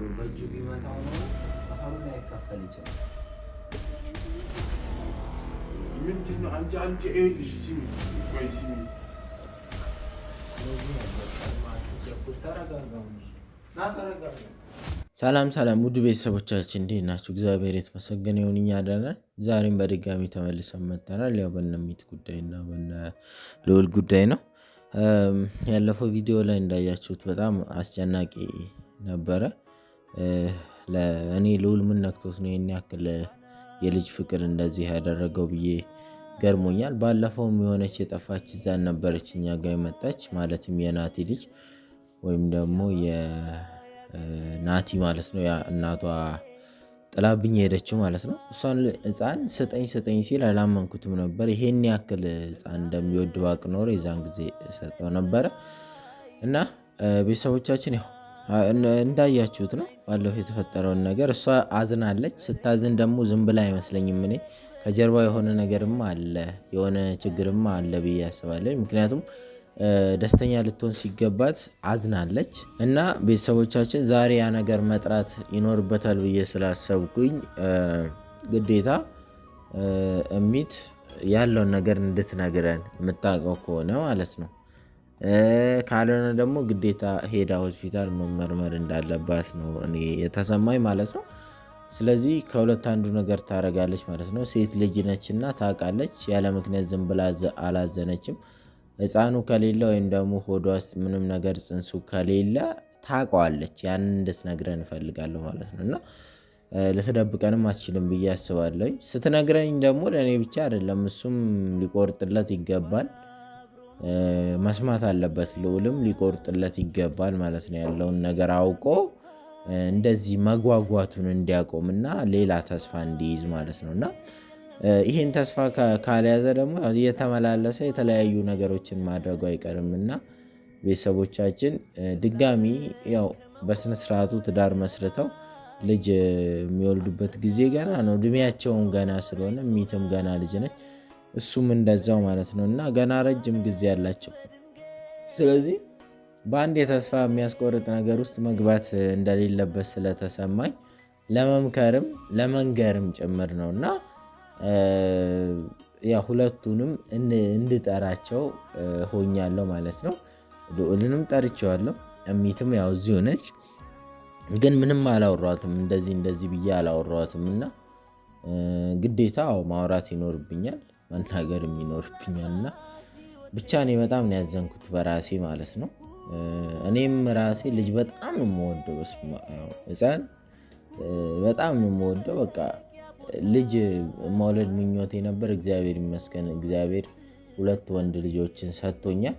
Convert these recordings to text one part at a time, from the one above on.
ብሎ በእጁ ቢመታው ነው አሁን ላይ ይከፈል ይችላል። ምንድነው አንቺ አንቺ ይኸውልሽ፣ ስሚ ቆይ ስሚ ሰላም ሰላም፣ ውድ ቤተሰቦቻችን እንዴት ናቸው? እግዚአብሔር የተመሰገነ ይሁን፣ እኛ ደህና ነን። ዛሬም በድጋሚ ተመልሰን መጥተናል። ያው በነሚት ጉዳይና በነ ልውል ጉዳይ ነው። ያለፈው ቪዲዮ ላይ እንዳያችሁት በጣም አስጨናቂ ነበረ። ለእኔ ልውል ምን ነክቶት ነው ይህን ያክል የልጅ ፍቅር እንደዚህ ያደረገው ብዬ ገርሞኛል። ባለፈውም የሆነች የጠፋች ዛን ነበረች እኛ ጋ የመጣች ማለትም የናቲ ልጅ ወይም ደግሞ የናቲ ማለት ነው እናቷ ጥላብኝ ሄደች ማለት ነው። እሷን ህፃን ስጠኝ ስጠኝ ሲል አላመንኩትም ነበር። ይሄን ያክል ህፃን እንደሚወድ ባቅ ኖሮ የዛን ጊዜ ሰጠው ነበረ እና ቤተሰቦቻችን ያው እንዳያችሁት ነው ባለፈው የተፈጠረውን ነገር። እሷ አዝናለች። ስታዝን ደግሞ ዝም ብላ አይመስለኝም። እኔ ከጀርባ የሆነ ነገርም አለ የሆነ ችግርም አለ ብዬ ያስባለኝ። ምክንያቱም ደስተኛ ልትሆን ሲገባት አዝናለች እና ቤተሰቦቻችን ዛሬ ያ ነገር መጥራት ይኖርበታል ብዬ ስላሰብኩኝ ግዴታ እሚት ያለውን ነገር እንድትነግረን የምታውቀው ከሆነ ማለት ነው ካልሆነ ደግሞ ግዴታ ሄዳ ሆስፒታል መመርመር እንዳለባት ነው እኔ የተሰማኝ ማለት ነው። ስለዚህ ከሁለት አንዱ ነገር ታደርጋለች ማለት ነው። ሴት ልጅ እና ታውቃለች። ያለ ምክንያት ዝም ብላ አላዘነችም። ህፃኑ ከሌለ ወይም ደግሞ ሆዷ ውስጥ ምንም ነገር ፅንሱ ከሌለ ታውቀዋለች። ያንን እንድትነግረን እፈልጋለሁ ማለት ነው እና ልትደብቀንም አትችልም ብዬ አስባለሁ። ስትነግረኝ ደግሞ ለእኔ ብቻ አይደለም እሱም ሊቆርጥለት ይገባል። መስማት አለበት። ልዑልም ሊቆርጥለት ይገባል ማለት ነው። ያለውን ነገር አውቆ እንደዚህ መጓጓቱን እንዲያቆም እና ሌላ ተስፋ እንዲይዝ ማለት ነው እና ይህን ተስፋ ካልያዘ ደግሞ እየተመላለሰ የተለያዩ ነገሮችን ማድረጉ አይቀርም እና ቤተሰቦቻችን ድጋሚ ያው በስነስርዓቱ ትዳር መስርተው ልጅ የሚወልዱበት ጊዜ ገና ነው። እድሜያቸውን ገና ስለሆነ ሚትም ገና ልጅ ነች። እሱም እንደዛው ማለት ነው እና ገና ረጅም ጊዜ አላቸው። ስለዚህ በአንድ የተስፋ የሚያስቆርጥ ነገር ውስጥ መግባት እንደሌለበት ስለተሰማኝ ለመምከርም ለመንገርም ጭምር ነው እና ያ ሁለቱንም እንድጠራቸው ሆኛለሁ ማለት ነው። ልዑልንም ጠርቼዋለሁ። እሚትም ያው እዚሁ ነች፣ ግን ምንም አላወራትም። እንደዚህ እንደዚህ ብዬ አላወራትም እና ግዴታ ማውራት ይኖርብኛል። መናገር የሚኖርብኛል እና ብቻ እኔ በጣም ነው ያዘንኩት በራሴ ማለት ነው። እኔም ራሴ ልጅ በጣም ነው የምወደው፣ ህፃን በጣም ነው የምወደው። በቃ ልጅ መውለድ ምኞቴ ነበር። እግዚአብሔር ይመስገን እግዚአብሔር ሁለት ወንድ ልጆችን ሰጥቶኛል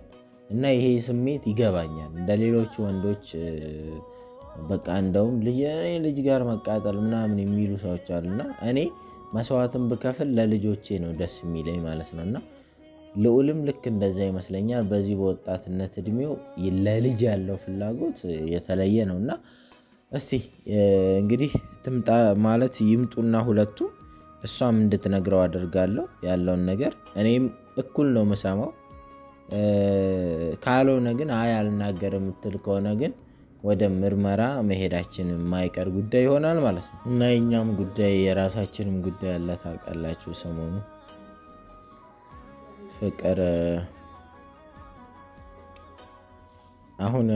እና ይሄ ስሜት ይገባኛል። እንደ ሌሎች ወንዶች በቃ እንደውም ልጅ ጋር መቃጠል ምናምን የሚሉ ሰዎች አሉና እኔ መስዋዕትን ብከፍል ለልጆቼ ነው ደስ የሚለኝ ማለት ነው። እና ልዑልም ልክ እንደዛ ይመስለኛል። በዚህ በወጣትነት እድሜው ለልጅ ያለው ፍላጎት የተለየ ነው እና እስቲ እንግዲህ ትምጣ ማለት ይምጡና ሁለቱ እሷም እንድትነግረው አድርጋለሁ ያለውን ነገር እኔም እኩል ነው የምሰማው። ካልሆነ ግን አይ አልናገር የምትል ከሆነ ግን ወደ ምርመራ መሄዳችን የማይቀር ጉዳይ ይሆናል ማለት ነው እና የኛም ጉዳይ የራሳችንም ጉዳይ አለ። ታውቃላችሁ ሰሞኑ ፍቅር አሁን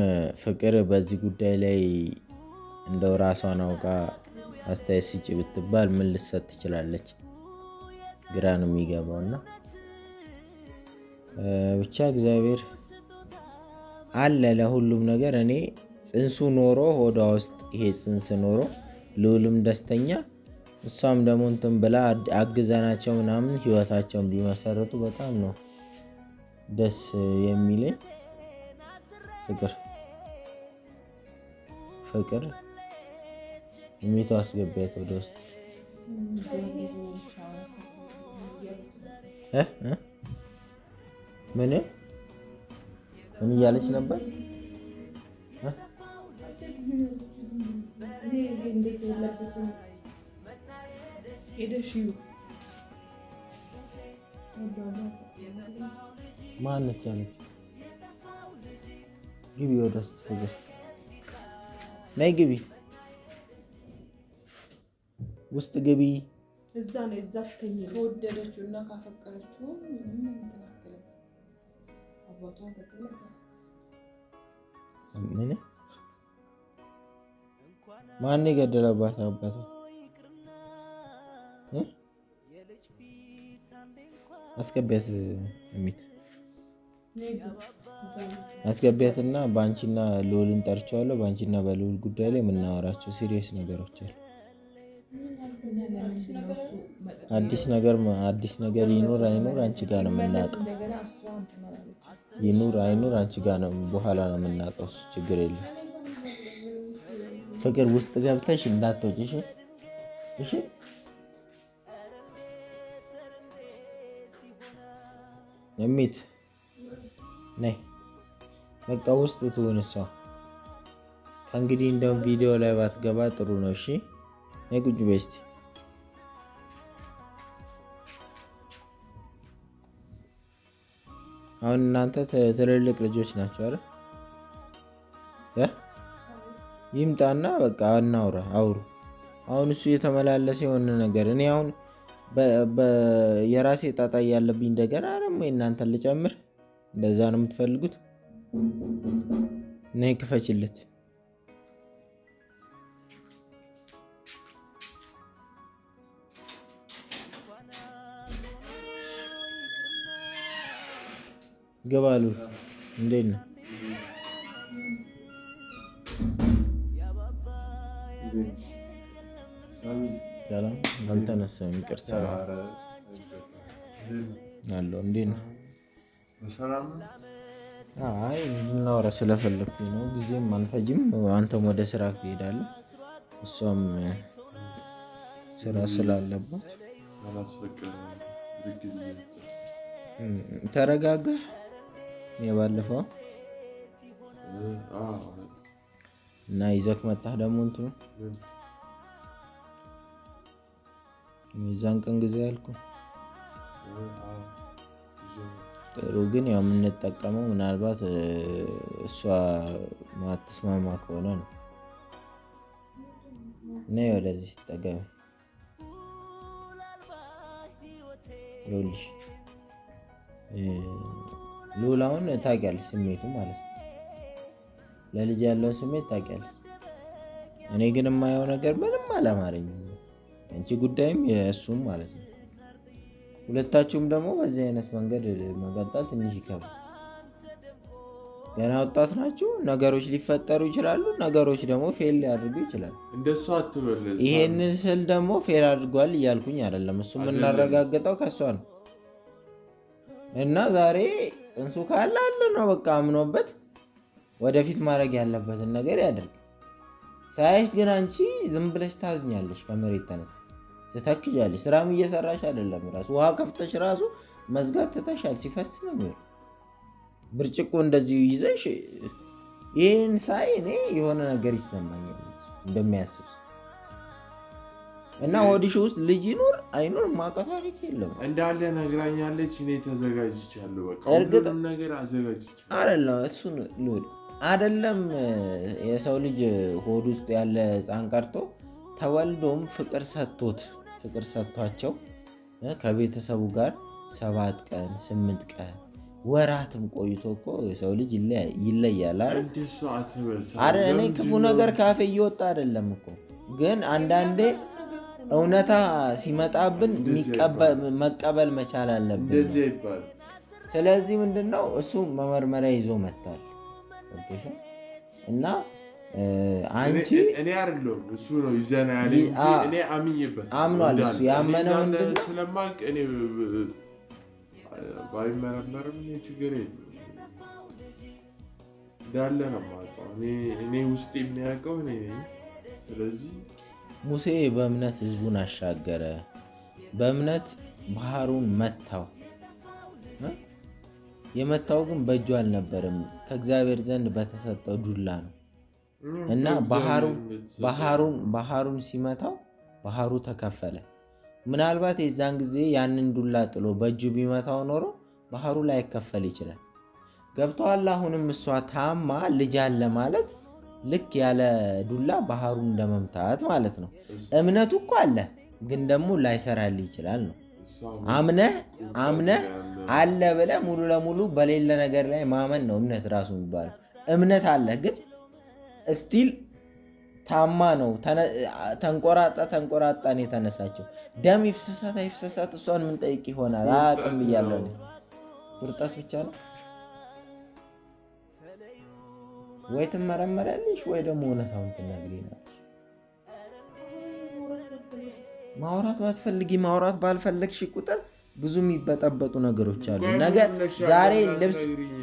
ፍቅር በዚህ ጉዳይ ላይ እንደው ራሷን አውቃ አስተያየት ስጪ ብትባል ምን ልትሰጥ ትችላለች? ግራ ነው የሚገባው እና ብቻ እግዚአብሔር አለ ለሁሉም ነገር እኔ ጽንሱ ኖሮ ሆዷ ውስጥ ይሄ ጽንስ ኖሮ ልውልም ደስተኛ እሷም ደግሞ እንትን ብላ አግዘናቸው ምናምን ህይወታቸውን ቢመሰረቱ በጣም ነው ደስ የሚለኝ። ፍቅር ፍቅር ሚቶ አስገቢያት ወደ ውስጥ ምን ምን እያለች ነበር? እንዴት የለብሱ ሄደሽ ማነች ያለች ግቢ ወደ ውስጥ ፍቅር ነይ ግቢ ውስጥ ግቢ እዛ ነው እዛ ተኝ ከወደደችው እና ካፈቀረችው ምን ማን የገደለባት አባት አስገቢያት እሚት አስገቢያትና በአንቺና ልዑልን ጠርቼዋለሁ። በአንቺና በልዑል ጉዳይ ላይ የምናወራቸው ሲሪየስ ነገሮች አሉ። አዲስ ነገር አዲስ ነገር ይኑር አይኑር አንቺ ጋር ነው የምናውቀው። ይኑር አይኑር አንቺ ጋር ነው በኋላ ነው የምናውቀው። ችግር የለም ፍቅር ውስጥ ገብተሽ እንዳትወጪ። እሺ እሺ። የሚት ነይ በቃ ውስጥ ትሁን እሷ። ከእንግዲህ እንደውም ቪዲዮ ላይ ባትገባ ጥሩ ነው። እሺ ነይ ቁጭ በይ አሁን እናንተ ትልልቅ ልጆች ናቸው አይደል? ይምጣና በቃ እናውራ አውሩ። አሁን እሱ የተመላለሰ የሆነ ነገር እኔ አሁን የራሴ ጣጣ ያለብኝ እንደገና ደግሞ እናንተን ልጨምር። እንደዛ ነው የምትፈልጉት? ነይ ክፈችለት። ግባ እንዴት ነው? አላነሳም። ይቅርታ አለው። እንዴት ነው? አይ ልናወራ ስለፈለግኩኝ ነው። ጊዜም አልፈጅም። አንተም ወደ ስራ ትሄዳለህ፣ እሷም ስራ ስላለባት ተረጋጋህ። የባለፈው እና ይዘህ መጣህ ደግሞ እንትኑ የዛን ቀን ጊዜ አልኩ። ጥሩ ግን ያው የምንጠቀመው ምናልባት እሷ ማትስማማ ከሆነ ነው። እና ወደዚህ ሲጠቀም ሎልሽ ሉላውን ታውቂያለሽ፣ ስሜቱ ማለት ነው። ለልጅ ያለውን ስሜት ታውቂያለሽ። እኔ ግን የማየው ነገር ምንም አላማረኝም። የአንቺ ጉዳይም የእሱም ማለት ነው። ሁለታችሁም ደግሞ በዚህ አይነት መንገድ መቀጠል ትንሽ ይከብዳል። ገና ወጣት ናችሁ። ነገሮች ሊፈጠሩ ይችላሉ። ነገሮች ደግሞ ፌል ሊያደርጉ ይችላል። እንደሱ አትበል። ይሄንን ስል ደግሞ ፌል አድርጓል እያልኩኝ አይደለም። እሱ የምናረጋግጠው ከሷ ነው እና ዛሬ ጽንሱ ካለ አለ ነው በቃ አምኖበት ወደፊት ማድረግ ያለበትን ነገር ያደርግ ሳያሽ ግን አንቺ ዝም ብለሽ ታዝኛለሽ። ከመሬት ተነስ ትተክዣለሽ። ስራም እየሰራሽ አይደለም። ራሱ ውሃ ከፍተሽ ራሱ መዝጋት ትተሻል። ሲፈስ ነው የሚሆን ብርጭቆ እንደዚሁ ይዘሽ ይህን ሳይ እኔ የሆነ ነገር ይሰማኛል እንደሚያስብ እና ወዲሽ ውስጥ ልጅ ይኑር አይኑር ማውቀው ታሪክ የለም እንዳለ ነግራኛለች። እኔ ተዘጋጅቻለሁ። በቃ ሁሉንም ነገር አዘጋጅቻለሁ። አረ እሱን ልወድ አደለም የሰው ልጅ ሆድ ውስጥ ያለ ህፃን ቀርቶ ተወልዶም ፍቅር ሰጥቶት ፍቅር ሰጥቷቸው ከቤተሰቡ ጋር ሰባት ቀን ስምንት ቀን ወራትም ቆይቶ እኮ የሰው ልጅ ይለያል። እኔ ክፉ ነገር ካፌ እየወጣ አይደለም እኮ ግን አንዳንዴ እውነታ ሲመጣብን መቀበል መቻል አለብን። ስለዚህ ምንድነው እሱ መመርመሪያ ይዞ መጥቷል። ገባሻል? እና አንቺ እኔ አይደለሁም እሱ ነው ይዘና ያለ እኔ አምኜበት አምኗል። እሱ ያመነው ስለማቅ እኔ ባይመረመርም ችግር የለም እንዳለ ነው የማውቀው እኔ ውስጥ የሚያውቀው እኔ። ስለዚህ ሙሴ በእምነት ህዝቡን አሻገረ፣ በእምነት ባህሩን መታው። የመታው ግን በእጁ አልነበረም። ከእግዚአብሔር ዘንድ በተሰጠው ዱላ ነው እና ባህሩን ሲመታው ባህሩ ተከፈለ። ምናልባት የዛን ጊዜ ያንን ዱላ ጥሎ በእጁ ቢመታው ኖሮ ባህሩ ላይከፈል ይችላል። ገብተዋል። አሁንም እሷ ታማ ልጅ አለ ማለት ልክ ያለ ዱላ ባህሩ እንደመምታት ማለት ነው። እምነቱ እኮ አለ፣ ግን ደግሞ ላይሰራል ይችላል ነው አምነህ አምነህ አለ ብለህ ሙሉ ለሙሉ በሌለ ነገር ላይ ማመን ነው እምነት ራሱ የሚባለው። እምነት አለህ ግን እስቲል ታማ ነው ተንቆራጣ ተንቆራጣ ነው የተነሳቸው። ደም ይፍሰሳት አይፍሰሳት እሷን ምን ጠይቅ ይሆናል አቅም ብያለሁ። ቁርጠት ብቻ ነው ወይ ትመረመሪያለሽ ወይ ደግሞ እውነታውን ትነግሪናለሽ። ማውራት ባትፈልጊ ማውራት ባልፈለግሽ ቁጥር ብዙ የሚበጠበጡ ነገሮች አሉ። ነገ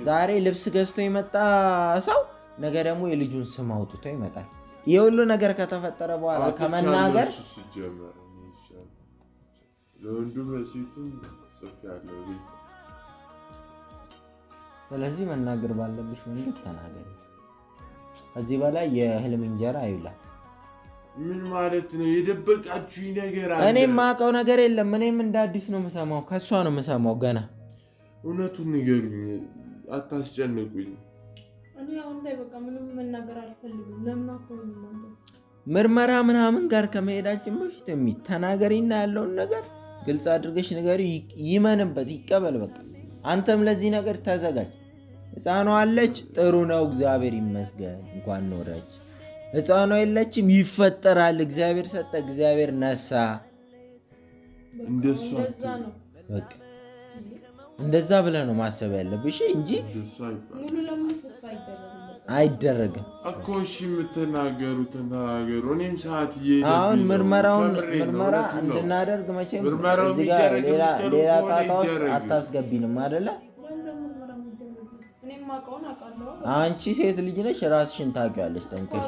ዛሬ ልብስ ገዝቶ የመጣ ሰው ነገ ደግሞ የልጁን ስም አውጥቶ ይመጣል። ይህ ሁሉ ነገር ከተፈጠረ በኋላ ከመናገር ስለዚህ መናገር ባለብሽ መንገድ ተናገር። ከዚህ በላይ የህልም እንጀራ አይብላል። ምን ማለት ነው? የደበቃችሁኝ ነገር አለ። እኔ የማውቀው ነገር የለም። እኔም እንደ አዲስ ነው የምሰማው፣ ከእሷ ነው የምሰማው ገና። እውነቱን ንገሩኝ፣ አታስጨንቁኝ። ምርመራ ምናምን ጋር ከመሄዳችን በፊት የሚተናገሪና ያለውን ነገር ግልጽ አድርገሽ ንገሪ። ይመንበት፣ ይቀበል። በቃ አንተም ለዚህ ነገር ተዘጋጅ። ህፃኗ አለች። ጥሩ ነው፣ እግዚአብሔር ይመስገን። እንኳን ኖረች። ሕፃኗ የለችም፣ ይፈጠራል። እግዚአብሔር ሰጠ፣ እግዚአብሔር ነሳ። እንደዛ ብለ ነው ማሰብ ያለብሽ እንጂ አይደረግም እኮ። እሺ የምትናገሩትን ተናገሩ። እኔም ሰዓት አሁን ምርመራውን ምርመራ እንድናደርግ መቼም ሌላ ጣጣ ውስጥ አታስገቢንም አይደለም አንቺ ሴት ልጅ ነሽ፣ ራስሽን ታውቂዋለሽ ጠንቀሽ።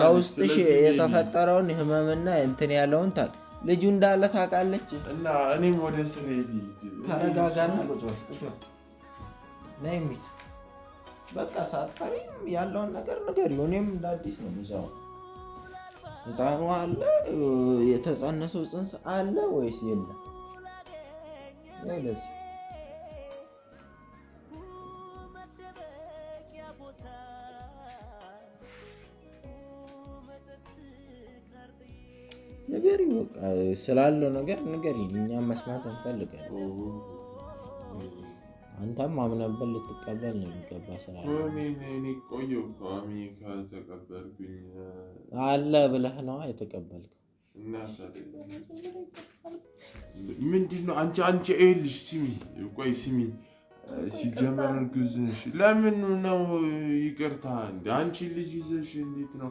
ከውስጥሽ የተፈጠረውን ህመምና እንትን ያለውን ታ ልጁ እንዳለ ታውቃለች። እኔም ወደ ስሬ ተረጋጋና ነይሚት በቃ ሳትፈሪም ያለውን ነገር ንገሪው። እኔም እንደ አዲስ ነው ምዛው ህፃኑ አለ የተጸነሰው ጽንስ አለ ወይስ የለም? ነገር ስላለው ነገር ነገር እኛም መስማት እንፈልጋለን። አንተም አምነበት ልትቀበል ነው የሚገባ ስራ አለ ብለህ ነዋ የተቀበልክ። ምንድን ነው አንቺ አንቺ ይኸውልሽ፣ ስሚ ቆይ ስሚ ሲጀመር እርግዝንሽ ለምን ነው? ይቅርታ አንቺ ልጅ ይዘሽ እንዴት ነው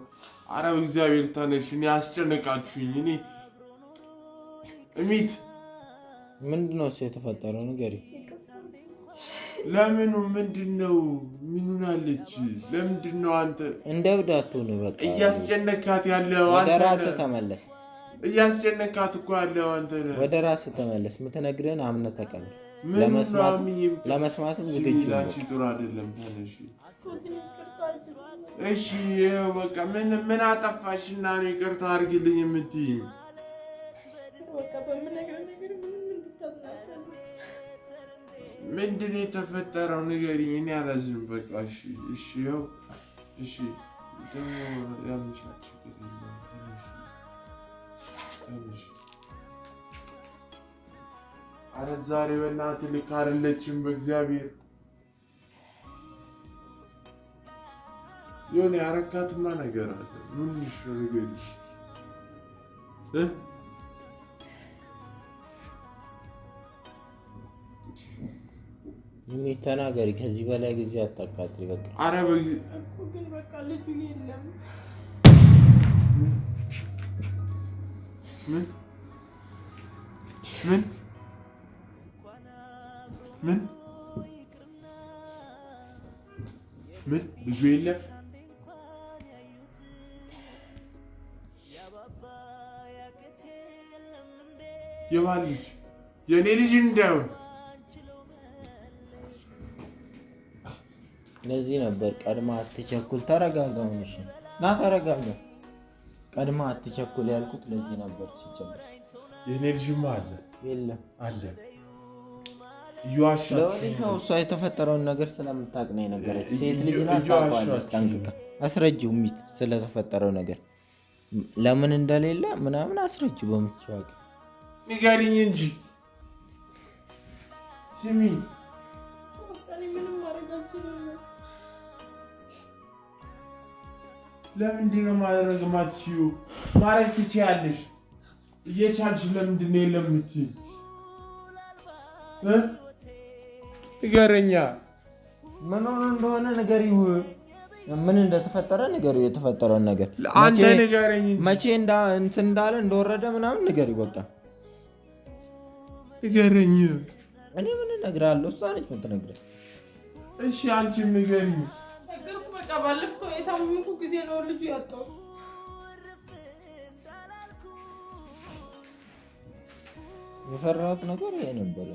አረ እግዚአብሔር ተነሽ፣ እኔ አስጨነቃችሁኝ። እኔ እሚት ምንድን ነው እሱ የተፈጠረው ነገር ለምኑ ምንድን ነው? ምኑን አለች? ለምንድን ነው አንተ እንደ ብዳቱ ነው? በቃ እያስጨነካት ያለው አንተ ራስህ ተመለስ። እያስጨነካት እኮ ያለው አንተ ነህ። ወደ ራስህ ተመለስ። ምትነግረን አምነህ ተቀበል። ለመስማትም ዝግጁ ነው። ጥሩ አይደለም። ተነሽ እሺ ይኸው በቃ ምን ምን አጠፋሽ እና ነው ይቅርታ አድርጊልኝ የምትይኝ? ምንድን ነው የተፈጠረው ንገሪኝ። እኔ አላዝንም። በቃ እሺ፣ እሺ፣ እሺ። ደግሞ ዛሬ በእናትህ ልክ አይደለችም በእግዚአብሔር የሆነ ያረካትማ ነገር አለ። ምን ነገር ምን ተናገሪ። ከዚህ በላይ ጊዜ አታቃጥሪ። በቃ ኧረ ግን በቃ ልጁ የለም። ምን ምን ምን ምን ልጁ የለም የባል ልጅ የእኔ ልጅ እንዳይሆን ለዚህ ነበር ቀድማ አትቸኩል። ተረጋጋሽ ና ተረጋጋ። ቀድማ አትቸኩል ያልኩት ለዚህ ነበር። ሲጀምር የእኔ ልጅማ አለ የለም አለ ለወዲው እሷ የተፈጠረውን ነገር ስለምታቅ ነው የነገረች። ሴት ልጅ ናት ታውቃለች ጠንቅቃ። አስረጂው ሚት ስለተፈጠረው ነገር ለምን እንደሌለ ምናምን አስረጂው በምትችዋቅ ንገሪኝ እንጂ ስሚ። ለምንድን ነው ማድረግ ማትችይው? ማድረግ ትችያለሽ። እየቻልሽ ለምንድን ነው የለም ንገረኛ ምን ሆኖ እንደሆነ ንገሪው። ምን እንደተፈጠረ ንገሪው። የተፈጠረውን ነገር አንተ ንገረኝ። መቼ እንትን እንዳለ እንደወረደ ምናምን ንገሪው በቃ ንገረኝ። እኔ ምን እነግርሃለሁ? እሷ ነች የምትነግረኝ። እሺ ንገሪኝ። ነገርኩህ በቃ ባለፈው የታመምኩ ጊዜ ነው ልጁ ያጣው። የፈራሁት ነገር ይሄ ነበረ።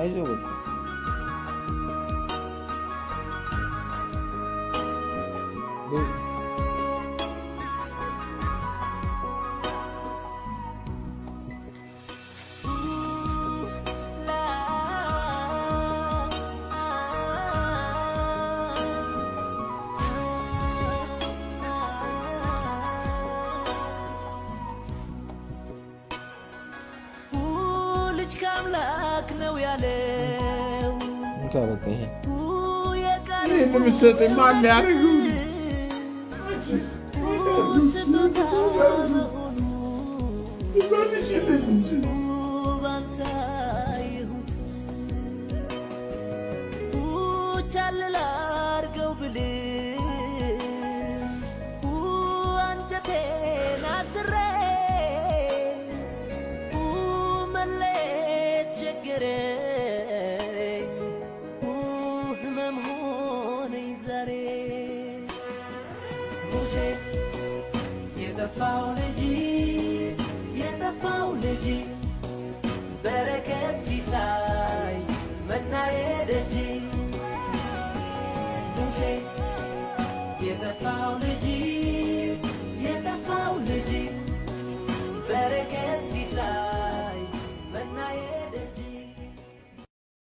አይዞህ በቃ Nu kan jag åka hem. Nu sätter man ner huvudet. Du kan inte känna dig.